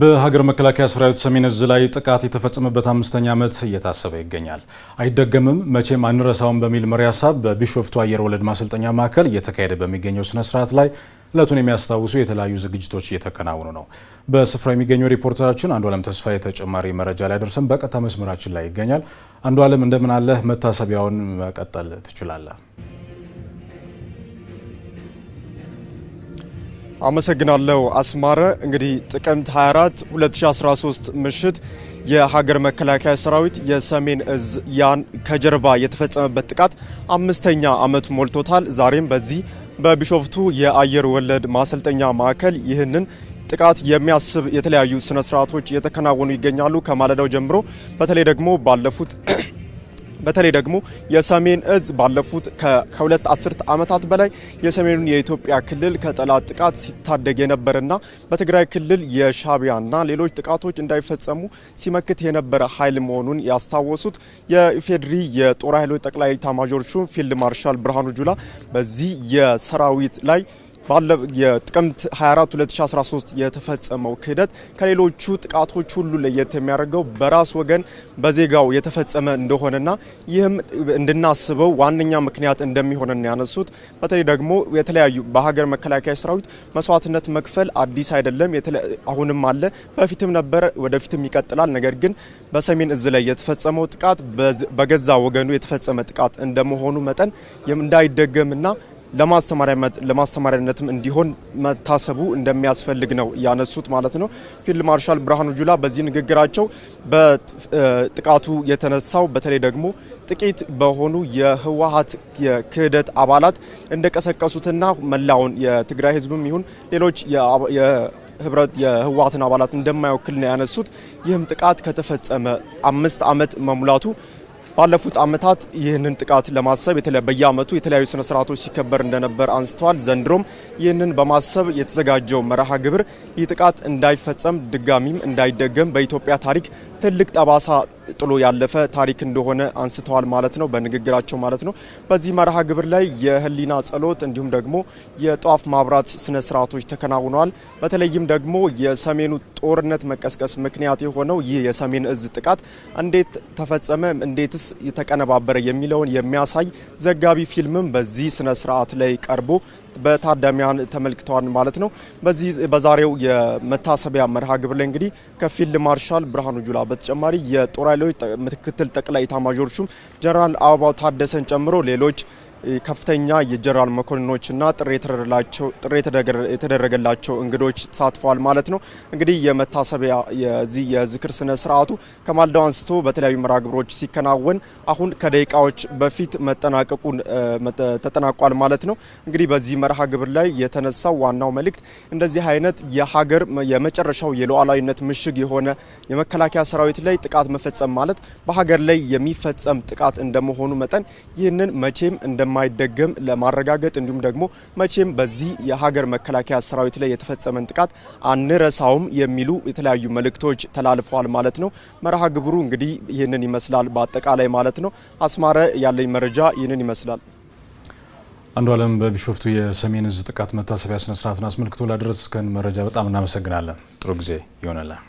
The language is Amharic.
በሀገር መከላከያ ሰራዊት ሰሜን እዝ ላይ ጥቃት የተፈጸመበት አምስተኛ ዓመት እየታሰበ ይገኛል። አይደገምም መቼም አንረሳውም በሚል መሪ ሀሳብ በቢሾፍቱ አየር ወለድ ማሰልጠኛ ማዕከል እየተካሄደ በሚገኘው ስነ ስርዓት ላይ እለቱን የሚያስታውሱ የተለያዩ ዝግጅቶች እየተከናወኑ ነው። በስፍራ የሚገኘው ሪፖርተራችን አንዱ አለም ተስፋ የተጨማሪ መረጃ ላይ ደርሰን በቀጥታ መስመራችን ላይ ይገኛል። አንዱ አለም እንደምን አለህ? መታሰቢያውን መቀጠል ትችላለህ። አመሰግናለሁ አስማረ። እንግዲህ ጥቅምት 24 2013 ምሽት የሀገር መከላከያ ሰራዊት የሰሜን እዝ ያን ከጀርባ የተፈጸመበት ጥቃት አምስተኛ ዓመት ሞልቶታል። ዛሬም በዚህ በቢሾፍቱ የአየር ወለድ ማሰልጠኛ ማዕከል ይህንን ጥቃት የሚያስብ የተለያዩ ስነ ስርዓቶች እየተከናወኑ ይገኛሉ። ከማለዳው ጀምሮ በተለይ ደግሞ ባለፉት በተለይ ደግሞ የሰሜን እዝ ባለፉት ከሁለት አስርት ዓመታት በላይ የሰሜኑን የኢትዮጵያ ክልል ከጠላት ጥቃት ሲታደግ የነበረና በትግራይ ክልል የሻቢያና ሌሎች ጥቃቶች እንዳይፈጸሙ ሲመክት የነበረ ኃይል መሆኑን ያስታወሱት የኢፌዴሪ የጦር ኃይሎች ጠቅላይ ኤታማዦር ሹም ፊልድ ማርሻል ብርሃኑ ጁላ በዚህ የሰራዊት ላይ ባለ የጥቅምት 24 2013 የተፈጸመው ክህደት ከሌሎቹ ጥቃቶች ሁሉ ለየት የሚያደርገው በራስ ወገን በዜጋው የተፈጸመ እንደሆነና ይህም እንድናስበው ዋነኛ ምክንያት እንደሚሆነን ያነሱት በተለይ ደግሞ የተለያዩ በሀገር መከላከያ ሰራዊት መስዋዕትነት መክፈል አዲስ አይደለም፣ አሁንም አለ፣ በፊትም ነበር፣ ወደፊትም ይቀጥላል። ነገር ግን በሰሜን እዝ ላይ የተፈጸመው ጥቃት በገዛ ወገኑ የተፈጸመ ጥቃት እንደመሆኑ መጠን እንዳይደገምና ለማስተማሪያነትም እንዲሆን መታሰቡ እንደሚያስፈልግ ነው ያነሱት ማለት ነው። ፊልድ ማርሻል ብርሃኑ ጁላ በዚህ ንግግራቸው በጥቃቱ የተነሳው በተለይ ደግሞ ጥቂት በሆኑ የህወሀት የክህደት አባላት እንደቀሰቀሱትና መላውን የትግራይ ህዝብም ይሁን ሌሎች ህብረት የህወሀትን አባላት እንደማይወክል ነው ያነሱት። ይህም ጥቃት ከተፈጸመ አምስት ዓመት መሙላቱ ባለፉት ዓመታት ይህንን ጥቃት ለማሰብ በየዓመቱ የተለያዩ ስነ ስርዓቶች ሲከበር እንደነበር አንስተዋል። ዘንድሮም ይህንን በማሰብ የተዘጋጀው መርሃ ግብር ይህ ጥቃት እንዳይፈጸም ድጋሚም እንዳይደገም በኢትዮጵያ ታሪክ ትልቅ ጠባሳ ጥሎ ያለፈ ታሪክ እንደሆነ አንስተዋል ማለት ነው በንግግራቸው ማለት ነው። በዚህ መርሃ ግብር ላይ የህሊና ጸሎት እንዲሁም ደግሞ የጧፍ ማብራት ስነ ስርዓቶች ተከናውነዋል። በተለይም ደግሞ የሰሜኑ ጦርነት መቀስቀስ ምክንያት የሆነው ይህ የሰሜን እዝ ጥቃት እንዴት ተፈጸመ፣ እንዴትስ የተቀነባበረ የሚለውን የሚያሳይ ዘጋቢ ፊልምም በዚህ ስነ ስርዓት ላይ ቀርቦ በታዳሚያን ተመልክተዋል ማለት ነው። በዚህ በዛሬው የመታሰቢያ መርሃ ግብር ላይ እንግዲህ ከፊልድ ማርሻል ብርሃኑ ጁላ በተጨማሪ የጦር ኃይሎች ምክትል ጠቅላይ ኢታማዦር ሹም ጀነራል አበባው ታደሰን ጨምሮ ሌሎች ከፍተኛ የጀነራል መኮንኖችና ጥሪ የተደረገላቸው እንግዶች ተሳትፈዋል ማለት ነው። እንግዲህ የመታሰቢያ የዚህ የዝክር ስነ ስርዓቱ ከማልዳው አንስቶ በተለያዩ መርሃ ግብሮች ሲከናወን አሁን ከደቂቃዎች በፊት መጠናቀቁን ተጠናቋል ማለት ነው። እንግዲህ በዚህ መርሃ ግብር ላይ የተነሳው ዋናው መልእክት እንደዚህ አይነት የሀገር የመጨረሻው የሉዓላዊነት ምሽግ የሆነ የመከላከያ ሰራዊት ላይ ጥቃት መፈጸም ማለት በሀገር ላይ የሚፈጸም ጥቃት እንደመሆኑ መጠን ይህንን መቼም እንደ እንደማይደገም ለማረጋገጥ እንዲሁም ደግሞ መቼም በዚህ የሀገር መከላከያ ሰራዊት ላይ የተፈጸመን ጥቃት አንረሳውም የሚሉ የተለያዩ መልእክቶች ተላልፈዋል ማለት ነው። መርሃ ግብሩ እንግዲህ ይህንን ይመስላል በአጠቃላይ ማለት ነው። አስማረ ያለኝ መረጃ ይህንን ይመስላል። አንዱ አለም በቢሾፍቱ የሰሜን እዝ ጥቃት መታሰቢያ ስነስርዓትን አስመልክቶ ላደረስከን መረጃ በጣም እናመሰግናለን። ጥሩ ጊዜ ይሆነላል።